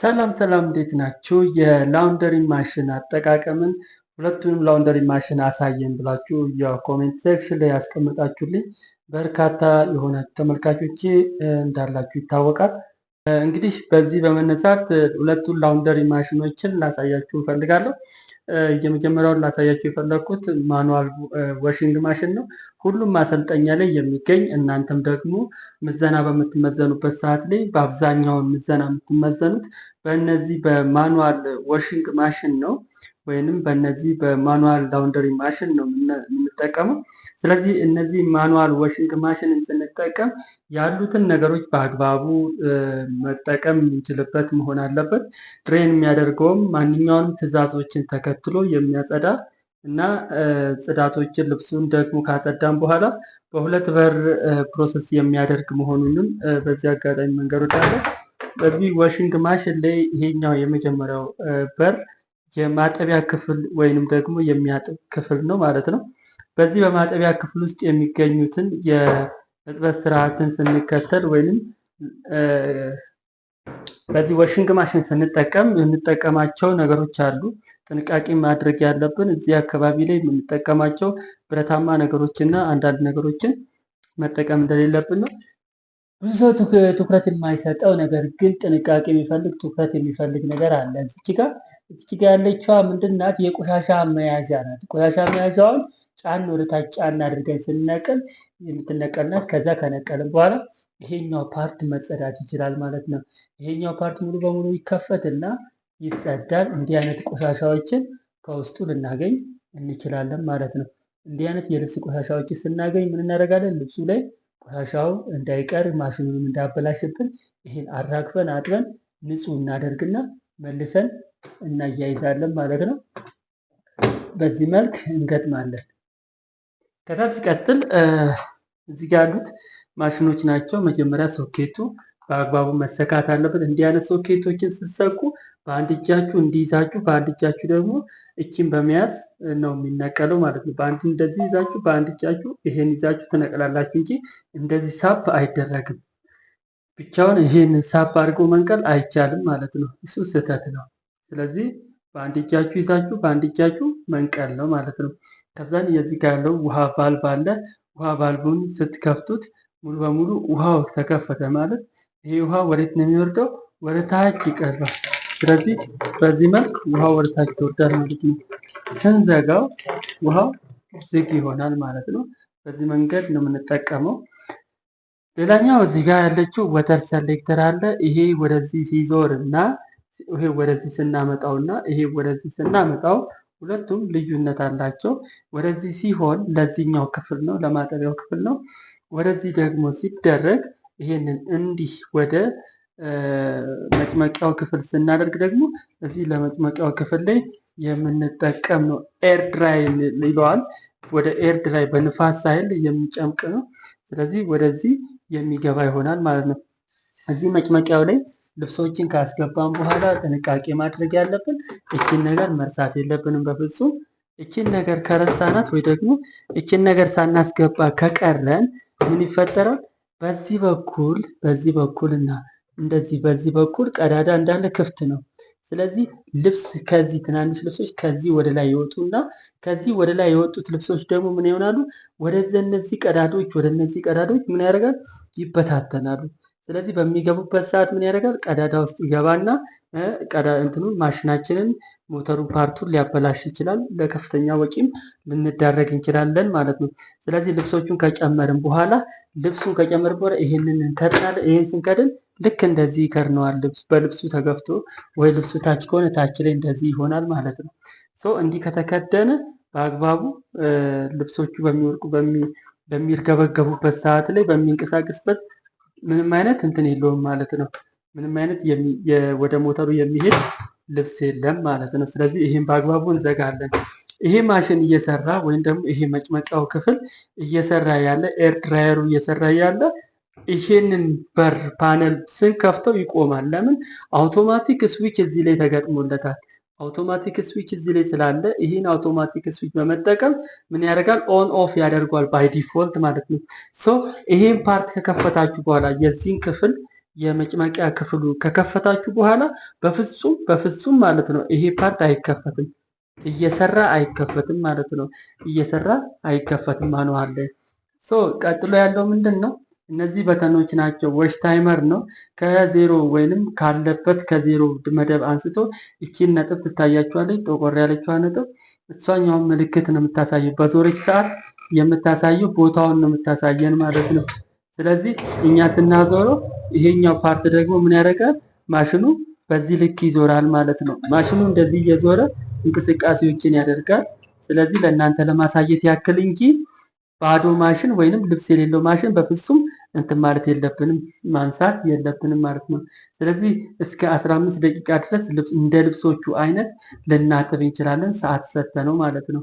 ሰላም ሰላም፣ እንዴት ናችሁ? የላውንደሪ ማሽን አጠቃቀምን ሁለቱንም ላውንደሪ ማሽን አሳየን ብላችሁ የኮሜንት ሴክሽን ላይ ያስቀመጣችሁልኝ በርካታ የሆነ ተመልካቾቼ እንዳላችሁ ይታወቃል። እንግዲህ በዚህ በመነሳት ሁለቱን ላውንደሪ ማሽኖችን ላሳያችሁ እፈልጋለሁ። የመጀመሪያውን ላሳያቸው የፈለግኩት ማኑዋል ዋሽንግ ማሽን ነው። ሁሉም ማሰልጠኛ ላይ የሚገኝ እናንተም ደግሞ ምዘና በምትመዘኑበት ሰዓት ላይ በአብዛኛውን ምዘና የምትመዘኑት በእነዚህ በማኑዋል ወሽንግ ማሽን ነው ወይንም በእነዚህ በማኑዋል ላውንደሪ ማሽን ነው የምንጠቀመው። ስለዚህ እነዚህ ማኑዋል ወሽንግ ማሽንን ስንጠቀም ያሉትን ነገሮች በአግባቡ መጠቀም የምንችልበት መሆን አለበት። ድሬን የሚያደርገውም ማንኛውንም ትዕዛዞችን ተከትሎ የሚያጸዳ እና ጽዳቶችን ልብሱን ደግሞ ካጸዳም በኋላ በሁለት በር ፕሮሰስ የሚያደርግ መሆኑንም በዚህ አጋጣሚ መንገዶች በዚህ ዋሽንግ ማሽን ላይ ይሄኛው የመጀመሪያው በር የማጠቢያ ክፍል ወይንም ደግሞ የሚያጥብ ክፍል ነው ማለት ነው። በዚህ በማጠቢያ ክፍል ውስጥ የሚገኙትን የእጥበት ስርዓትን ስንከተል ወይንም በዚህ ዋሽንግ ማሽን ስንጠቀም የምንጠቀማቸው ነገሮች አሉ። ጥንቃቄ ማድረግ ያለብን እዚህ አካባቢ ላይ የምንጠቀማቸው ብረታማ ነገሮችና አንዳንድ ነገሮችን መጠቀም እንደሌለብን ነው። ብዙ ሰው ትኩረት የማይሰጠው ነገር ግን ጥንቃቄ የሚፈልግ ትኩረት የሚፈልግ ነገር አለ። እዚች ጋ እዚች ጋ ያለችዋ ምንድን ናት? የቆሻሻ መያዣ ናት። ቆሻሻ መያዣዋን ጫን ወደታች ጫን አድርገን ስንነቅል የምትነቀልናት ከዛ ከነቀልን በኋላ ይሄኛው ፓርት መጸዳት ይችላል ማለት ነው። ይሄኛው ፓርት ሙሉ በሙሉ ይከፈትና ይጸዳል። እንዲህ አይነት ቆሻሻዎችን ከውስጡ ልናገኝ እንችላለን ማለት ነው። እንዲህ አይነት የልብስ ቆሻሻዎችን ስናገኝ ምን እናደርጋለን? ልብሱ ላይ ቆሻሻው እንዳይቀር ማሽኑንም እንዳያበላሽብን ይህን አራግፈን አጥበን ንጹህ እናደርግና መልሰን እናያይዛለን ማለት ነው። በዚህ መልክ እንገጥማለን። ከዛ ሲቀጥል እዚህ ያሉት ማሽኖች ናቸው። መጀመሪያ ሶኬቱ በአግባቡ መሰካት አለበት። እንዲህ አይነት ሶኬቶችን ስትሰኩ በአንድ እጃችሁ እንዲይዛችሁ በአንድ እጃችሁ ደግሞ እቺን በመያዝ ነው የሚነቀለው ማለት ነው። በአንድ እንደዚህ ይዛችሁ በአንድ እጃችሁ ይሄን ይዛችሁ ትነቅላላችሁ እንጂ እንደዚህ ሳፕ አይደረግም። ብቻውን ይሄንን ሳፕ አድርጎ መንቀል አይቻልም ማለት ነው። እሱ ስህተት ነው። ስለዚህ በአንድ እጃችሁ ይዛችሁ በአንድ እጃችሁ መንቀል ነው ማለት ነው። ከዛን የዚህ ጋር ያለው ውሃ ቫልቭ አለ። ውሃ ቫልቭን ስትከፍቱት ሙሉ በሙሉ ውሃው ተከፈተ ማለት ይሄ ውሃ ወዴት ነው የሚወርደው? ወደ ታች ይቀርባል። ስለዚህ በዚህ መልክ ውሃ ወደ ታች ይወርዳል ማለት ነው። ስንዘጋው ውሃው ዝግ ይሆናል ማለት ነው። በዚህ መንገድ ነው የምንጠቀመው። ሌላኛው እዚህ ጋር ያለችው ወተር ሰሌክተር አለ። ይሄ ወደዚህ ሲዞር እና ይሄ ወደዚህ ስናመጣው እና ይሄ ወደዚህ ስናመጣው ሁለቱም ልዩነት አላቸው። ወደዚህ ሲሆን ለዚህኛው ክፍል ነው፣ ለማጠቢያው ክፍል ነው። ወደዚህ ደግሞ ሲደረግ ይሄንን እንዲህ ወደ መጭመቂያው ክፍል ስናደርግ ደግሞ እዚህ ለመጭመቂያው ክፍል ላይ የምንጠቀም ነው። ኤር ድራይ ይለዋል። ወደ ኤር ድራይ በንፋስ ኃይል የሚጨምቅ ነው። ስለዚህ ወደዚህ የሚገባ ይሆናል ማለት ነው። እዚህ መጭመቂያው ላይ ልብሶችን ካስገባን በኋላ ጥንቃቄ ማድረግ ያለብን እችን ነገር መርሳት የለብንም በፍጹም። እችን ነገር ከረሳናት ወይ ደግሞ እችን ነገር ሳናስገባ ከቀረን ምን ይፈጠራል? በዚህ በኩል በዚህ በኩል እና እንደዚህ በዚህ በኩል ቀዳዳ እንዳለ ክፍት ነው። ስለዚህ ልብስ ከዚህ ትናንሽ ልብሶች ከዚህ ወደ ላይ ይወጡ እና ከዚህ ወደ ላይ የወጡት ልብሶች ደግሞ ምን ይሆናሉ? ወደዚ እነዚህ ቀዳዶች ወደ እነዚህ ቀዳዶች ምን ያደርጋል? ይበታተናሉ። ስለዚህ በሚገቡበት ሰዓት ምን ያደርጋል? ቀዳዳ ውስጥ ይገባና እንትኑን ማሽናችንን ሞተሩ ፓርቱን ሊያበላሽ ይችላል። ለከፍተኛ ወጪም ልንዳረግ እንችላለን ማለት ነው። ስለዚህ ልብሶቹን ከጨመርን በኋላ ልብሱን ከጨመር በኋላ ይህንን እንከድናለን። ይህን ስንከድን ልክ እንደዚህ ይከድነዋል። ልብሱ በልብሱ ተገፍቶ ወይ ልብሱ ታች ከሆነ ታች ላይ እንደዚህ ይሆናል ማለት ነው። እንዲህ ከተከደነ በአግባቡ ልብሶቹ በሚወርቁ በሚርገበገቡበት ሰዓት ላይ በሚንቀሳቀስበት ምንም አይነት እንትን የለውም ማለት ነው። ምንም አይነት ወደ ሞተሩ የሚሄድ ልብስ የለም ማለት ነው። ስለዚህ ይህም በአግባቡ እንዘጋለን። ይሄ ማሽን እየሰራ ወይም ደግሞ ይሄ መጭመቂያው ክፍል እየሰራ ያለ ኤር ድራየሩ እየሰራ ያለ ይሄንን በር ፓነል ስንከፍተው ይቆማል። ለምን? አውቶማቲክ ስዊች እዚህ ላይ ተገጥሞለታል። አውቶማቲክ ስዊች እዚህ ላይ ስላለ ይህን አውቶማቲክ ስዊች በመጠቀም ምን ያደርጋል? ኦን ኦፍ ያደርጓል ባይ ዲፎልት ማለት ነው። ሶ ይሄን ፓርት ከከፈታችሁ በኋላ የዚህን ክፍል የመጭመቂያ ክፍሉ ከከፈታችሁ በኋላ በፍጹም በፍጹም ማለት ነው ይሄ ፓርት አይከፈትም፣ እየሰራ አይከፈትም ማለት ነው። እየሰራ አይከፈትም ማኑዋል ሶ ቀጥሎ ያለው ምንድን ነው? እነዚህ በተኖች ናቸው። ወሽ ታይመር ነው ከዜሮ ወይንም ካለበት ከዜሮ መደብ አንስቶ እቺን ነጥብ ትታያችኋለች፣ ጠቆር ያለችዋ ነጥብ እሷኛውን ምልክት ነው የምታሳየው። በዞረች ሰዓት የምታሳየው ቦታውን ነው የምታሳየን ማለት ነው። ስለዚህ እኛ ስናዞረው ይሄኛው ፓርት ደግሞ ምን ያደርጋል? ማሽኑ በዚህ ልክ ይዞራል ማለት ነው። ማሽኑ እንደዚህ እየዞረ እንቅስቃሴዎችን ያደርጋል። ስለዚህ ለእናንተ ለማሳየት ያክል እንጂ ባዶ ማሽን ወይንም ልብስ የሌለው ማሽን በፍጹም እንትን ማለት የለብንም ማንሳት የለብንም ማለት ነው። ስለዚህ እስከ 15 ደቂቃ ድረስ እንደ ልብሶቹ አይነት ልናጥብ እንችላለን ሰዓት ሰተ ነው ማለት ነው።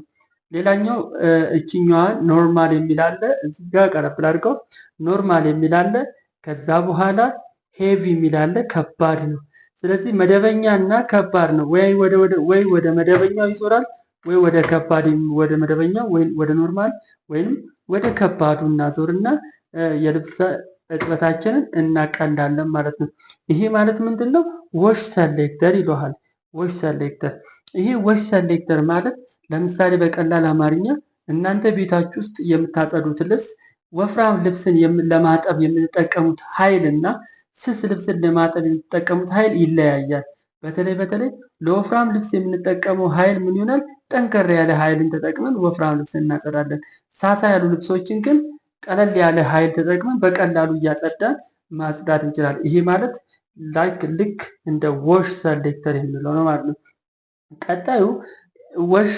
ሌላኛው እችኛዋ ኖርማል የሚላለ እዚህ ጋር ቀረብ አድርገው ኖርማል የሚላለ ከዛ በኋላ ሄቪ የሚላለ ከባድ ነው። ስለዚህ መደበኛ እና ከባድ ነው ወይ ወደ መደበኛው ይዞራል ወይ ወደ ከባድ ወደ መደበኛው ወደ ኖርማል ወይም ወደ ከባዱ እናዞርና የልብስ እጥበታችንን እናቀላለን ማለት ነው። ይሄ ማለት ምንድን ነው? ዎሽ ሰሌክተር ይለዋል። ዎሽ ሰሌክተር ይሄ ወሽ ሰሌክተር ማለት ለምሳሌ በቀላል አማርኛ እናንተ ቤታችሁ ውስጥ የምታጸዱት ልብስ ወፍራም ልብስን ለማጠብ የምትጠቀሙት ኃይል እና ስስ ልብስን ለማጠብ የምትጠቀሙት ኃይል ይለያያል። በተለይ በተለይ ለወፍራም ልብስ የምንጠቀመው ኃይል ምን ይሆናል? ጠንከር ያለ ኃይልን ተጠቅመን ወፍራም ልብስን እናጸዳለን። ሳሳ ያሉ ልብሶችን ግን ቀለል ያለ ኃይል ተጠቅመን በቀላሉ እያጸዳን ማጽዳት እንችላለን። ይሄ ማለት ላይክ ልክ እንደ ወሽ ሰሌክተር የምንለው ነው ማለት ነው። ቀጣዩ ወሽ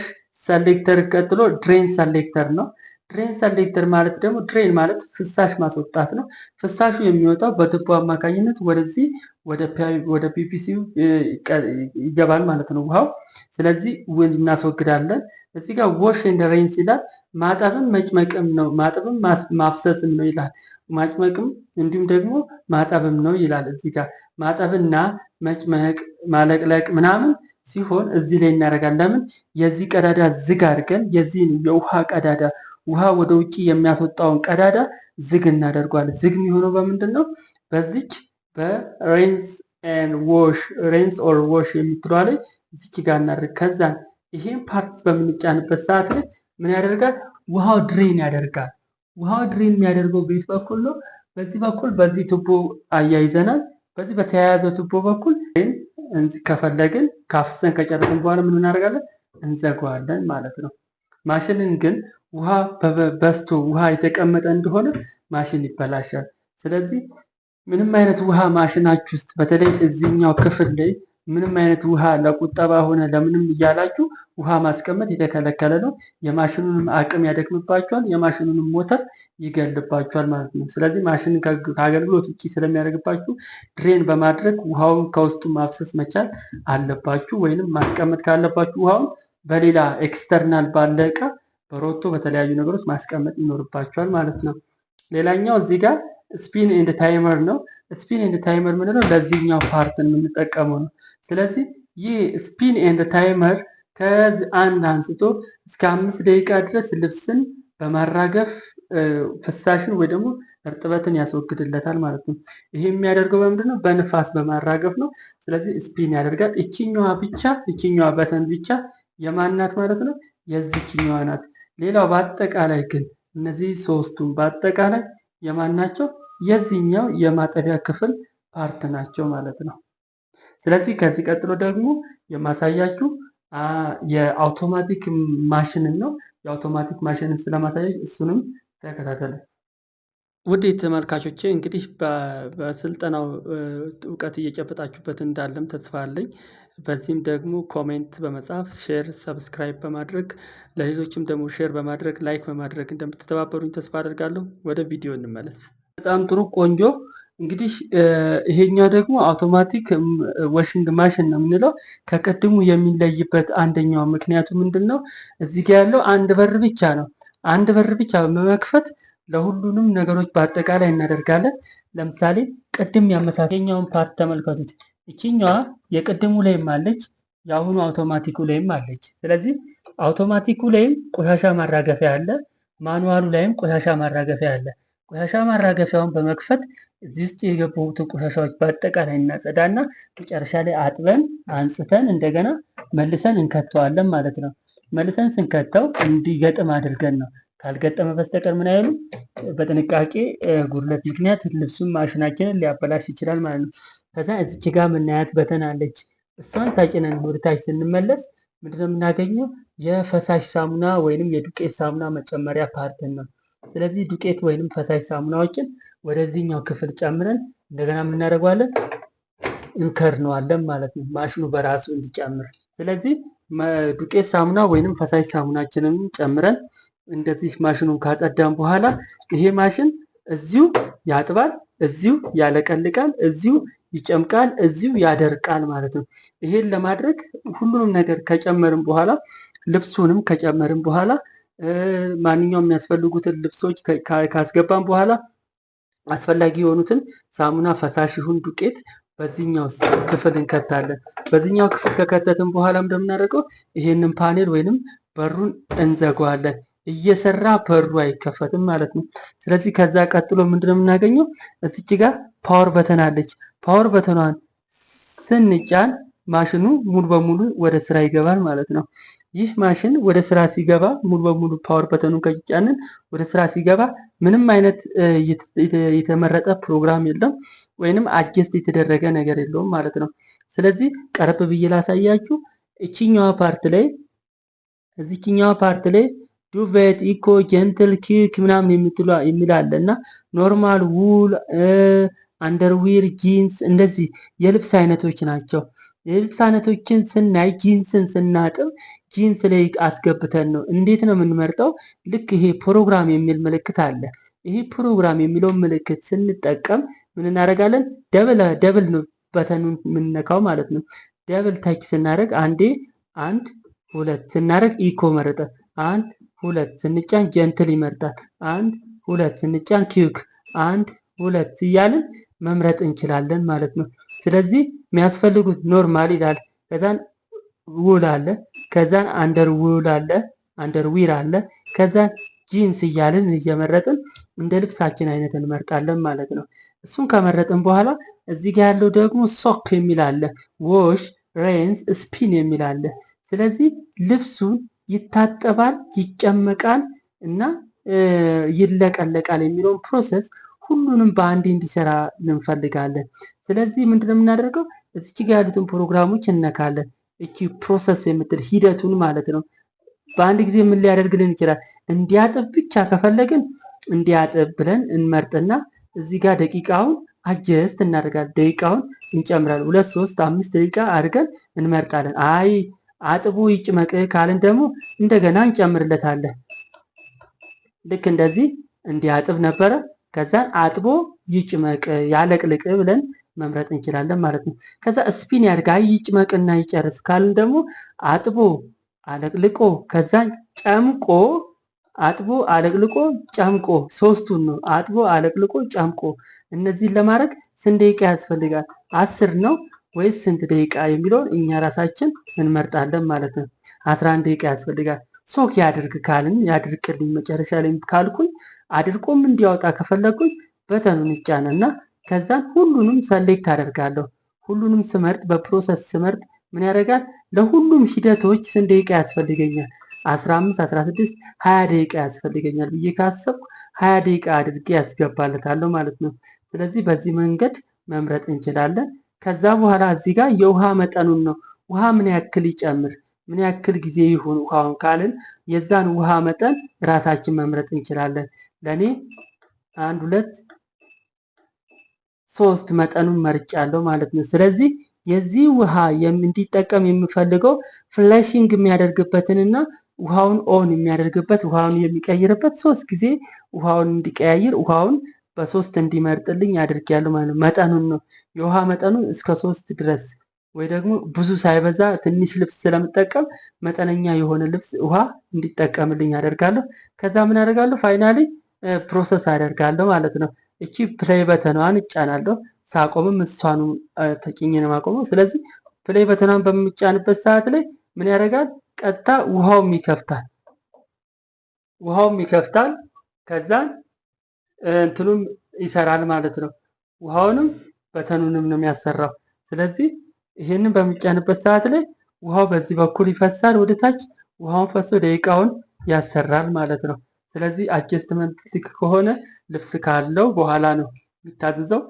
ሰሌክተር ቀጥሎ ድሬን ሰሌክተር ነው። ድሬን ሰሌክተር ማለት ደግሞ ድሬን ማለት ፍሳሽ ማስወጣት ነው። ፍሳሹ የሚወጣው በቱቦ አማካኝነት ወደዚህ ወደ ፒፒሲ ይገባል ማለት ነው ውሃው። ስለዚህ እናስወግዳለን። እዚህ ጋር ወሽ ኤንድ ሬንስ ይላል። ማጠብም መጭመቅም ነው። ማጠብም ማፍሰስም ነው ይላል። ማጭመቅም እንዲሁም ደግሞ ማጠብም ነው ይላል። እዚህ ጋር ማጠብና መጭመቅ ማለቅለቅ ምናምን ሲሆን እዚህ ላይ እናደርጋለን። ለምን የዚህ ቀዳዳ ዝግ አድርገን የዚህን የውሃ ቀዳዳ ውሃ ወደ ውጭ የሚያስወጣውን ቀዳዳ ዝግ እናደርገዋለን። ዝግ የሚሆነው በምንድን ነው? በዚች በሬንስ ኤን ዎሽ ሬንስ ኦር ዎሽ የምትለዋ ላይ እዚች ጋር እናደርግ። ከዛን ይሄን ፓርትስ በምንጫንበት ሰዓት ላይ ምን ያደርጋል? ውሃው ድሬን ያደርጋል። ውሃው ድሬን የሚያደርገው ቤት በኩል ነው። በዚህ በኩል በዚህ ቱቦ አያይዘናል። በዚህ በተያያዘው ቱቦ በኩል ከፈለግን ካፍሰን ከጨረስን በኋላ ምን እናደርጋለን? እንዘጋዋለን ማለት ነው። ማሽንን ግን ውሃ በስቶ ውሃ የተቀመጠ እንደሆነ ማሽን ይበላሻል። ስለዚህ ምንም አይነት ውሃ ማሽናችሁ ውስጥ በተለይ እዚህኛው ክፍል ላይ ምንም አይነት ውሃ ለቁጠባ ሆነ ለምንም እያላችሁ ውሃ ማስቀመጥ የተከለከለ ነው። የማሽኑንም አቅም ያደክምባቸዋል፣ የማሽኑንም ሞተር ይገልባቸዋል ማለት ነው። ስለዚህ ማሽን ከአገልግሎት ውጭ ስለሚያደርግባችሁ ድሬን በማድረግ ውሃውን ከውስጡ ማፍሰስ መቻል አለባችሁ። ወይንም ማስቀመጥ ካለባችሁ ውሃውን በሌላ ኤክስተርናል ባለ እቃ በሮቶ በተለያዩ ነገሮች ማስቀመጥ ይኖርባቸዋል ማለት ነው። ሌላኛው እዚህ ጋር ስፒን ኤንድ ታይመር ነው። ስፒን ኤንድ ታይመር ምንለው ለዚህኛው ፓርት የምንጠቀመው ነው። ስለዚህ ይህ ስፒን ኤንድ ታይመር ከዚህ አንድ አንስቶ እስከ አምስት ደቂቃ ድረስ ልብስን በማራገፍ ፍሳሽን ወይ ደግሞ እርጥበትን ያስወግድለታል ማለት ነው። ይህ የሚያደርገው በምንድን ነው? በንፋስ በማራገፍ ነው። ስለዚህ ስፒን ያደርጋል። ይችኛዋ ብቻ ይችኛዋ በተን ብቻ የማናት ማለት ነው? የዚችኛዋ ናት። ሌላው በአጠቃላይ ግን እነዚህ ሶስቱም በአጠቃላይ የማናቸው የዚህኛው የማጠቢያ ክፍል ፓርት ናቸው ማለት ነው። ስለዚህ ከዚህ ቀጥሎ ደግሞ የማሳያችሁ የአውቶማቲክ ማሽንን ነው። የአውቶማቲክ ማሽንን ስለማሳያ እሱንም ተከታተለ ውድ ተመልካቾቼ እንግዲህ በስልጠናው እውቀት እየጨበጣችሁበት እንዳለም ተስፋ አለኝ። በዚህም ደግሞ ኮሜንት በመጻፍ ሼር፣ ሰብስክራይብ በማድረግ ለሌሎችም ደግሞ ሼር በማድረግ ላይክ በማድረግ እንደምትተባበሩኝ ተስፋ አደርጋለሁ። ወደ ቪዲዮ እንመለስ። በጣም ጥሩ ቆንጆ እንግዲህ ይሄኛው ደግሞ አውቶማቲክ ዋሽንግ ማሽን ነው የምንለው። ከቅድሙ የሚለይበት አንደኛው ምክንያቱ ምንድን ነው? እዚህ ጋ ያለው አንድ በር ብቻ ነው። አንድ በር ብቻ በመክፈት ለሁሉንም ነገሮች በአጠቃላይ እናደርጋለን። ለምሳሌ ቅድም ያመሳሰኛውን ፓርት ተመልከቱት። ይችኛዋ የቅድሙ ላይም አለች፣ የአሁኑ አውቶማቲኩ ላይም አለች። ስለዚህ አውቶማቲኩ ላይም ቆሻሻ ማራገፊያ አለ፣ ማኑዋሉ ላይም ቆሻሻ ማራገፊያ አለ። ቆሻሻ ማራገፊያውን በመክፈት እዚህ ውስጥ የገቡትን ቆሻሻዎች በአጠቃላይ እናጸዳና መጨረሻ ላይ አጥበን አንጽተን እንደገና መልሰን እንከተዋለን ማለት ነው። መልሰን ስንከተው እንዲገጥም አድርገን ነው። ካልገጠመ በስተቀር ምን አይሉ በጥንቃቄ ጉድለት ምክንያት ልብሱን ማሽናችንን ሊያበላሽ ይችላል ማለት ነው። ከዛ እዚች ጋ የምናያት በተን አለች። እሷን ታጭነን ወደታች ስንመለስ ምንድነው የምናገኘው? የፈሳሽ ሳሙና ወይንም የዱቄት ሳሙና መጨመሪያ ፓርትን ነው። ስለዚህ ዱቄት ወይንም ፈሳሽ ሳሙናዎችን ወደዚህኛው ክፍል ጨምረን እንደገና የምናደርገዋለን እንከድነዋለን ማለት ነው፣ ማሽኑ በራሱ እንዲጨምር። ስለዚህ ዱቄት ሳሙና ወይንም ፈሳሽ ሳሙናችንን ጨምረን እንደዚህ ማሽኑን ካጸዳን በኋላ ይሄ ማሽን እዚሁ ያጥባል፣ እዚሁ ያለቀልቃል፣ እዚሁ ይጨምቃል፣ እዚሁ ያደርቃል ማለት ነው። ይሄን ለማድረግ ሁሉንም ነገር ከጨመርን በኋላ ልብሱንም ከጨመርን በኋላ ማንኛውም የሚያስፈልጉትን ልብሶች ካስገባን በኋላ አስፈላጊ የሆኑትን ሳሙና፣ ፈሳሽ ይሁን ዱቄት በዚህኛው ክፍል እንከታለን። በዚህኛው ክፍል ከከተትን በኋላ እንደምናደርገው ይሄንን ፓኔል ወይንም በሩን እንዘጋዋለን። እየሰራ በሩ አይከፈትም ማለት ነው። ስለዚህ ከዛ ቀጥሎ ምንድነው የምናገኘው? እዚች ጋር ፓወር በተን አለች። ፓወር በተኗን ስንጫን ማሽኑ ሙሉ በሙሉ ወደ ስራ ይገባል ማለት ነው። ይህ ማሽን ወደ ስራ ሲገባ ሙሉ በሙሉ ፓወር በተኑን ከጫንን ወደ ስራ ሲገባ ምንም አይነት የተመረጠ ፕሮግራም የለም ወይንም አጀስት የተደረገ ነገር የለውም ማለት ነው። ስለዚህ ቀረብ ብዬ ላሳያችሁ። እችኛዋ ፓርት ላይ እዚችኛዋ ፓርት ላይ ዱቬት ኢኮ ጀንትል ኪክ ምናምን የሚል አለ እና ኖርማል ውል፣ አንደርዊር፣ ጂንስ እንደዚህ የልብስ አይነቶች ናቸው። የልብስ አይነቶችን ስናይ ጂንስን ስናጥብ ጂንስ ላይ አስገብተን ነው። እንዴት ነው የምንመርጠው? ልክ ይሄ ፕሮግራም የሚል ምልክት አለ። ይሄ ፕሮግራም የሚለውን ምልክት ስንጠቀም ምን እናደርጋለን? ደብል ደብል ነው በተኑን የምንነካው ማለት ነው። ደብል ታች ስናደርግ አንዴ አንድ ሁለት ስናደርግ ኢኮ መረጠ። አንድ ሁለት ስንጫን ጀንትል ይመርጣል። አንድ ሁለት ስንጫን ኪዩክ አንድ ሁለት እያልን መምረጥ እንችላለን ማለት ነው። ስለዚህ የሚያስፈልጉት ኖርማል ይላል። ከዛን ውል አለ፣ ከዛን አንደር ውል አለ፣ አንደር ዊር አለ፣ ከዛን ጂንስ እያልን እየመረጥን እንደ ልብሳችን አይነት እንመርጣለን ማለት ነው። እሱን ከመረጥን በኋላ እዚህ ጋር ያለው ደግሞ ሶክ የሚል አለ፣ ዎሽ፣ ሬንስ፣ ስፒን የሚል አለ። ስለዚህ ልብሱን ይታጠባል፣ ይጨመቃል እና ይለቀለቃል የሚለውን ፕሮሰስ ሁሉንም በአንዴ እንዲሰራ እንፈልጋለን። ስለዚህ ምንድነው የምናደርገው? እዚች ጋ ያሉትን ፕሮግራሞች እነካለን። እቺ ፕሮሰስ የምትል ሂደቱን ማለት ነው። በአንድ ጊዜ ምን ሊያደርግልን ይችላል? እንዲያጥብ ብቻ ከፈለግን እንዲያጥብ ብለን እንመርጥና እዚህ ጋር ደቂቃውን አጀስት እናደርጋለን። ደቂቃውን እንጨምራለን። ሁለት ሶስት አምስት ደቂቃ አድርገን እንመርጣለን። አይ አጥቡ ይጭመቅ ካልን ደግሞ እንደገና እንጨምርለታለን። ልክ እንደዚህ እንዲያጥብ ነበረ። ከዛን አጥቦ ይጭመቅ ያለቅልቅ ብለን መምረጥ እንችላለን ማለት ነው። ከዛ ስፒን ያድርጋል ይጭመቅና ይጨርስ ካልን ደግሞ አጥቦ አለቅልቆ ከዛ ጨምቆ አጥቦ አለቅልቆ ጨምቆ ሶስቱን ነው። አጥቦ አለቅልቆ ጨምቆ እነዚህን ለማድረግ ስንት ደቂቃ ያስፈልጋል? አስር ነው ወይስ ስንት ደቂቃ የሚለውን እኛ ራሳችን እንመርጣለን ማለት ነው። አስራ አንድ ደቂቃ ያስፈልጋል። ሶክ ያድርግ ካልን ያድርቅልኝ መጨረሻ ላይ ካልኩኝ አድርቆም እንዲያወጣ ከፈለግኩኝ በተኑን ይጫነና ከዛ ሁሉንም ሰሌክት አደርጋለሁ። ሁሉንም ስመርጥ በፕሮሰስ ስመርጥ ምን ያደርጋል? ለሁሉም ሂደቶች ስንት ደቂቃ ያስፈልገኛል? 15፣ 16፣ 20 ደቂቃ ያስፈልገኛል ብዬ ካሰብኩ 20 ደቂቃ አድርጌ ያስገባለታለሁ ማለት ነው። ስለዚህ በዚህ መንገድ መምረጥ እንችላለን። ከዛ በኋላ እዚህ ጋር የውሃ መጠኑን ነው። ውሃ ምን ያክል ይጨምር፣ ምን ያክል ጊዜ ይሁን ውሃውን ካልን የዛን ውሃ መጠን ራሳችን መምረጥ እንችላለን። ለእኔ አንድ ሁለት ሶስት መጠኑን መርጫለሁ ማለት ነው። ስለዚህ የዚህ ውሃ እንዲጠቀም የምፈልገው ፍላሽንግ የሚያደርግበትንና ውሃውን ኦን የሚያደርግበት ውሃውን የሚቀይርበት ሶስት ጊዜ ውሃውን እንዲቀያይር ውሃውን በሶስት እንዲመርጥልኝ አድርጌያለሁ ማለት ነው። መጠኑን ነው የውሃ መጠኑን እስከ ሶስት ድረስ ወይ ደግሞ ብዙ ሳይበዛ ትንሽ ልብስ ስለምጠቀም መጠነኛ የሆነ ልብስ ውሃ እንዲጠቀምልኝ አደርጋለሁ። ከዛ ምን አደርጋለሁ ፋይናሊ ፕሮሰስ አደርጋለሁ ማለት ነው። እቺ ፕሌይ በተኗን እጫናለሁ። ሳቆምም እሷኑ ተጭኜ ነው የማቆመው። ስለዚህ ፕሌይ በተኗን በምጫንበት ሰዓት ላይ ምን ያደርጋል? ቀጥታ ውሃውም ይከፍታል፣ ውሃውም ይከፍታል። ከዛን እንትኑም ይሰራል ማለት ነው። ውሃውንም በተኑንም ነው የሚያሰራው። ስለዚህ ይሄንን በሚጫንበት ሰዓት ላይ ውሃው በዚህ በኩል ይፈሳል ወደ ታች። ውሃውን ፈሶ ደቂቃውን ያሰራል ማለት ነው። ስለዚህ አጀስትመንት ትክክ ከሆነ ልብስ ካለው በኋላ ነው የሚታዘዘው።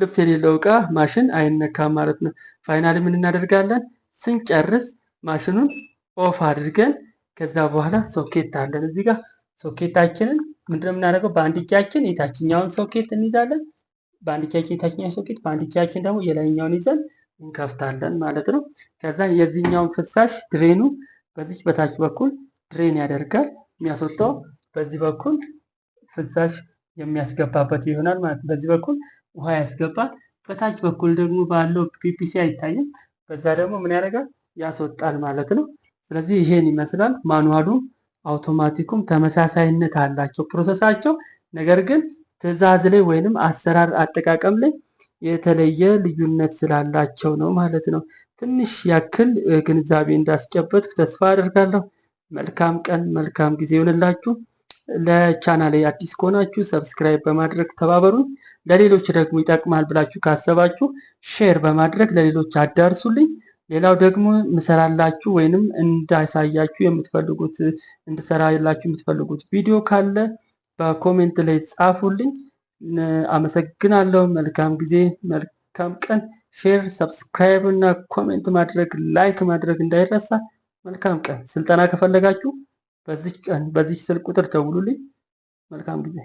ልብስ የሌለው እቃ ማሽን አይነካም ማለት ነው። ፋይናል ምን እናደርጋለን? ስንጨርስ ማሽኑን ኦፍ አድርገን ከዛ በኋላ ሶኬት አለን እዚህ ጋር ሶኬታችንን ምንድነው የምናደርገው? በአንድ እጃችን የታችኛውን ሶኬት እንይዛለን። በአንድ እጃችን የታችኛውን ሶኬት፣ በአንድ እጃችን ደግሞ የላይኛውን ይዘን እንከፍታለን ማለት ነው። ከዛ የዚህኛውን ፍሳሽ ድሬኑ በዚህ በታች በኩል ድሬን ያደርጋል። የሚያስወጣው በዚህ በኩል ፍሳሽ የሚያስገባበት ይሆናል ማለት ነው። በዚህ በኩል ውሃ ያስገባል። በታች በኩል ደግሞ ባለው ፒፒሲ አይታይም። በዛ ደግሞ ምን ያደርጋል? ያስወጣል ማለት ነው። ስለዚህ ይሄን ይመስላል። ማኑዋሉም አውቶማቲኩም ተመሳሳይነት አላቸው ፕሮሰሳቸው። ነገር ግን ትዕዛዝ ላይ ወይንም አሰራር አጠቃቀም ላይ የተለየ ልዩነት ስላላቸው ነው ማለት ነው። ትንሽ ያክል ግንዛቤ እንዳስጨበጥኩ ተስፋ አደርጋለሁ። መልካም ቀን፣ መልካም ጊዜ ይሆንላችሁ። ለቻናሌ አዲስ ከሆናችሁ ሰብስክራይብ በማድረግ ተባበሩን። ለሌሎች ደግሞ ይጠቅማል ብላችሁ ካሰባችሁ ሼር በማድረግ ለሌሎች አዳርሱልኝ። ሌላው ደግሞ ምሰራላችሁ ወይንም እንዳሳያችሁ የምትፈልጉት እንድሰራላችሁ የምትፈልጉት ቪዲዮ ካለ በኮሜንት ላይ ጻፉልኝ። አመሰግናለሁ። መልካም ጊዜ፣ መልካም ቀን። ሼር፣ ሰብስክራይብ እና ኮሜንት ማድረግ ላይክ ማድረግ እንዳይረሳ። መልካም ቀን። ስልጠና ከፈለጋችሁ በዚች ቀን በዚች ስልክ ቁጥር ደውሉልኝ። መልካም ጊዜ